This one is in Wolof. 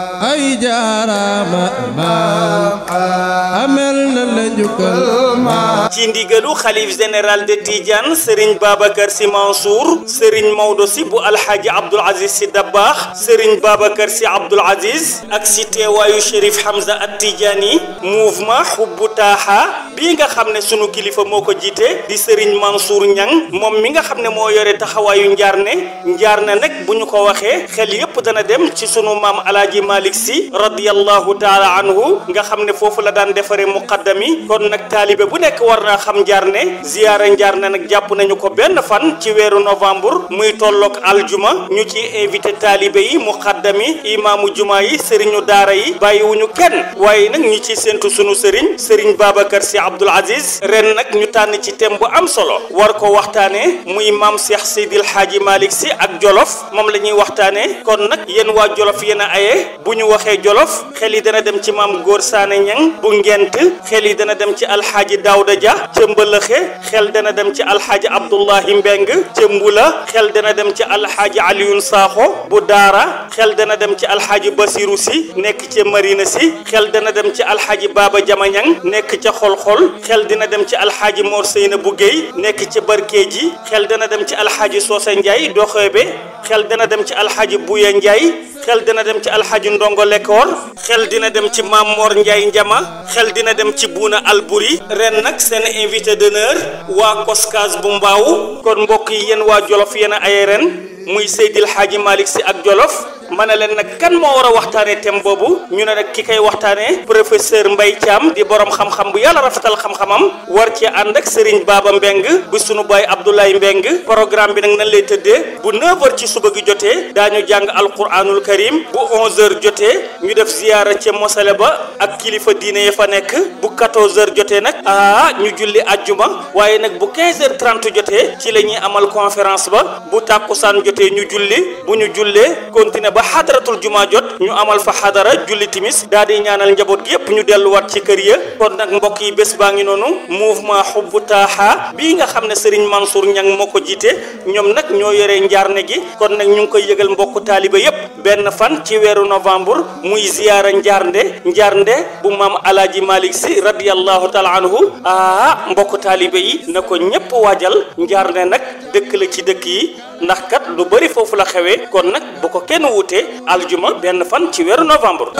أي جارة مأمام أمل ci ndigalu xalif général de Tidiane Serigne Babacar Sy Mansour Serigne Maodo si bu alxaaji Abdoul Aziz Sy Dabaax Serigne Babacar si Abdoul Aziz ak si teewaayu Chérif Hamza at Tidiane mouvement xubbu taaxa bii nga xam ne sunu kilifa moo ko jiite di Serigne Mansour Niang moom mi nga xam ne moo yore taxawaayu njaarne na nag bu ñu ko waxee xel yépp dana dem ci sunu maam alaaji Malick Sy radiyallahu taala anhu nga xam ne foofu la daan defaree muqaddam mi kon nag taalibe bu nekk war naa xam njaarne ziyaara njaarne nag jàpp nañu ko benn fan ci weeru novembre muy tolloog juma ñu ci invité taalibe yi muxaddam yi imaamu juma yi sëriñu daara yi bàyyiwuñu kenn waaye nag ñu ci séntu sunu sëriñ sëriñ Babacar si Abdoul Aziz ren nag ñu tànn ci thème bu am solo war ko waxtaane muy maam Cheikh Seydil Hadji Malick Sy ak Jolof moom la ñuy waxtaane kon nag yéen waa Jolof yéen a aye bu ñu waxee Jolof xel yi dana ci maam xel yi dana dem ci alxaaji Daouda Dia ca Mbëlëxe xel dana dem ci alxaaji Abdoulahi Mbeng ca Mbula xel dana dem ci haji Alioune Sakho bu Daara xel dana dem ci alxaaji Basiru Si nekk ca Marina Si xel dana dem ci alxaaji Baba Jamañang nekk ca Xol-Xol xel dina dem ci alxaaji Mor Seyna bu Guèye nekk ca Barkeeji xel dana dem ci haji Soose Njaay doxee be xel dana dem ci alxaaji Buya Njaay xel dina dem ci alxaju ndongo lekkoor xel dina dem ci maam Mor Ndiaye Njama xel dina dem ci buuna Alburi ren nag seen invité d'honneur waa koskaas bu mbaaw kon mbokk yi yéen waa jolof yéen ay ren muy Seydil Xaaji Malick si ak jolof ma ne leen nag kan moo war a waxtaanee thème boobu ñu ne nag ki koy waxtaanee professeur Mbaye Thiam di borom xam-xam bu yàlla rafetal xam-xamam war ci ànd ak Serigne Baba Mbeng bu sunu baay Abdoulaye Mbeng programme bi nag nan lay tëddee bu 9h ci suba gi jotee daañu jàng alquranul karim bu 11h jotee ñu def ziyaara ca mosale ba ak kilifa diine ya fa nekk bu 14h jotee nag ah ñu julli ajjuma waaye nag bu 15 h jotee ci la ñuy amal conférence ba bu tàkkusaan jotee ñu julli ñu jullee continuer ba xadaratul juma jot ñu amal fa xadara julli timis daal di ñaanal njaboot gi yëpp ñu delluwaat ci kër ya kon nag mbokk yi bés baa ngi noonu mouvement xubbu taaxa bii nga xam ne Serigne Mansour Niang moo ko jiite ñoom nag ñoo yore njaarne gi kon nag ñu ngi koy yëgal mbokku taaliba yëpp benn fan ci weeru novembre muy ziyaara njaarnde njaarnde bu maam alaaji Malick si radiyallahu taala anhu ah mbokku taaliba yi na ko ñëpp waajal njaarnde nag dëkk la ci dëkk yi ndax kat lu bari foofu la xewee kon nag boo ko kenn wuutee aljuma benn fan ci weeru novembre.